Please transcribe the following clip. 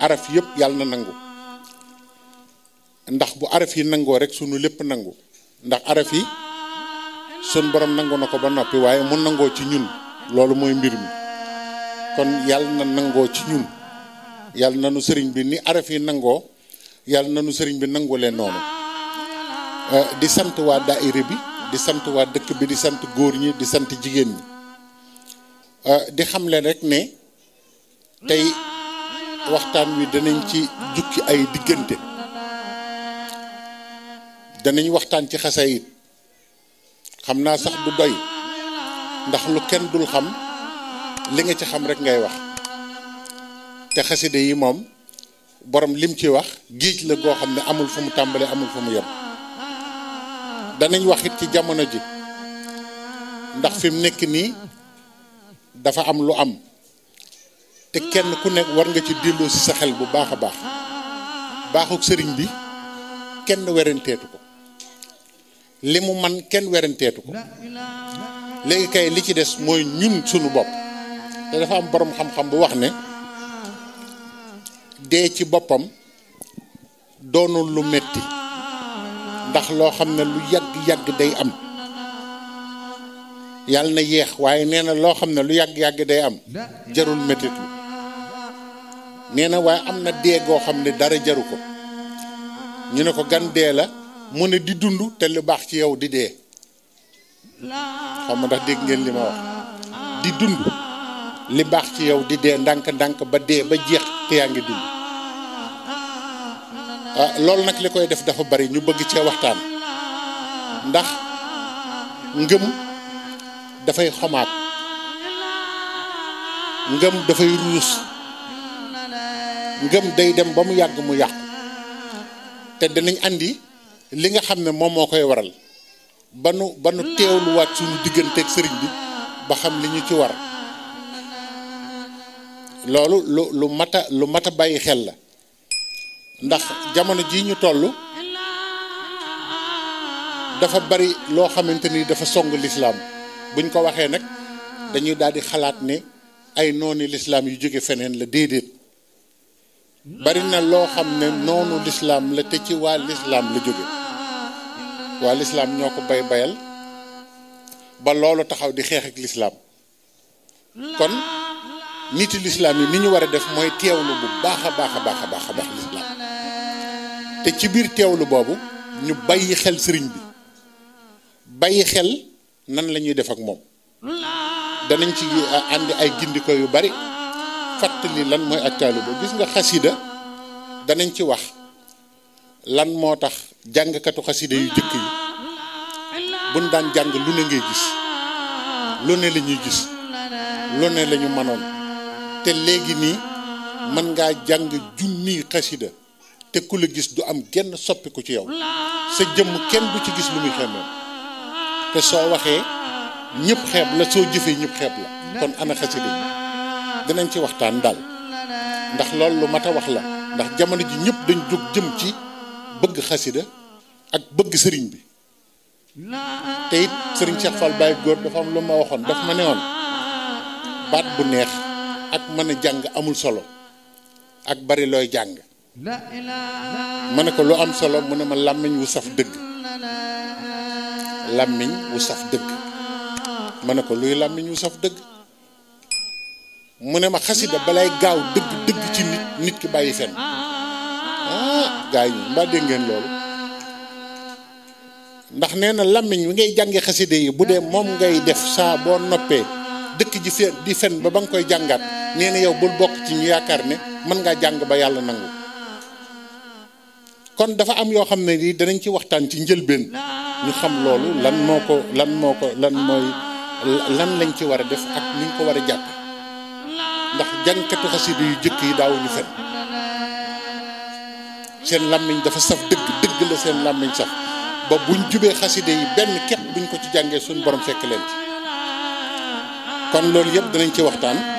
araf yëpp yàlla na nangu ndax bu araf yi nangoo rek sunu lépp nangu ndax araf yi sun borom nangu na ko ba noppi waaye mu nangoo ci ñun loolu mooy mbir mi kon yàlla na nangoo ci ñun yàlla na nu sëriñ bi ni araf yi nangoo yàlla na nu sëriñ bi nangu leen noonu euh, di sant waa daayira bi di sant waa dëkk bi di sant góor ñi di sant jigéen ñi euh, di xam leen rek ne tey waxtaan wi danañ ci jukki ay diggante danañ waxtaan ci xasayit xam naa sax du doy ndax lu kenn dul xam li nga ci xam rek ngay wax te xaside yi moom boroom lim ci wax géej la goo xam ne amul fa mu tàmbalee amul fu mu yem danañ wax it ci jamono ji ndax fim mu nekk nii dafa am lu am te kenn ku nekk war nga ci delloo si sa xel bu baax a baax baaxuk sëriñ bi kenn weranteetu ko li mu man kenn weranteetu ko léegi kay li ci des mooy ñun sunu bopp te dafa am boroom xam-xam bu wax ne dee ci boppam doonul lu metti ndax loo xam ne lu yàgg-yàgg day am yàlla na yéex waaye nee na loo xam ne lu yàgg-yàgg day am jarul mettit nee na waaye am na dee goo xam ne dara jaru ko ñu ne ko gan dee la mu ne di dund te lu baax ci yow di dee xam nga ndax dégg ngeen li ma wax di dund li baax ci yow di dee ndànk ndànk ba dee ba jeex te yaa ngi dund ah, loolu nag li koy def dafa bari ñu bëgg cee waxtaan ndax ngëm dafay xomaat ngëm dafay ruus ngëm day dem ba mu yàgg mu yàq te danañ indi li nga xam ne moom moo koy waral ba nu ba nu teewluwaat suñu digganteeg sëriñ bi ba xam li ñu ci war loolu lu lu lu mat a bàyyi xel la ndax jamono ji ñu toll dafa bari loo xamante ni dafa song lislaam buñ ko waxee nag dañuy daal di xalaat ne ay nooni lislaam yu jóge feneen la déedéet bari na loo xam ne noonu lislaam la te ci waa lislaam lu jóge waa lislaam ñoo ko bay bayal ba loolu taxaw di xeex ak lislaam kon niti lislaam yi ni ñu war a def mooy teewlu bu baax a baax a baax a baax a baax lislaam te ci biir teewlu boobu ñu bàyyi xel sëriñ bi bàyyi xel nan lañuy ñuy def ak moom danañ ci àndi ay gindiko yu bari fàttali lan mooy ak taalibe gis nga xasida danañ ci wax lan moo tax jàngkatu xasida yu jëkk yi buñ daan jàng lu ne ngay gis lu ne la gis lu ne la ñu mënoon te léegi nii mën ngaa jàng junni xasida te ku la gis du am genn soppiku ci yow sa jëmm kenn bu ci gis lu muy xemeem te soo waxee ñépp xeeb la soo jëfee ñëpp xeeb la kon ana xasida yi dinañ ci waxtaan daal ndax lool lu mat a wax la ndax jamono ji ñëpp dañ jóg jëm ci bëgg xasida ak bëgg sëriñ bi te it sëriñ Cheikh Fall Baye góor dafa am lu ma waxoon dafa ma ne woon baat bu neex ak mën a jàng amul solo ak bari looy jàng ma ne ko lu am solo mën ne ma làmmiñ wu saf dëgg làmmiñ wu saf dëgg ma ne ko luy làmmiñ wu saf dëgg mu ne ma xasida balaay gaaw dëgg dëgg ci nit nit ki bàyyi fen ah gaa yi mbaa dégg loolu ndax nee na làmmiñ wi ngay jàngi xasida yi bu dee moom ngay def saa boo noppee dëkk ji fen di fen ba ba nga koy jàngaat neena na yow bul bokk ci ñu yaakaar ne mën ngaa jàng ba yàlla nangu kon dafa am yoo xam ne lii danañ ci waxtaan ci njëlbeen ñu xam loolu lan moo ko lan moo ko lan mooy lan lañ ci war a def ak ni ñu ko war a jàpp ndax jànkatu xasida yu jëkk yi daawuñu fen seen làmmiñ dafa saf dëgg dëgg la seen làmmiñ saf ba buñ jubee xasida yi benn képp buñ ko ci jàngee suñ borom fekk leen ci kon loolu yëpp danañ ci waxtaan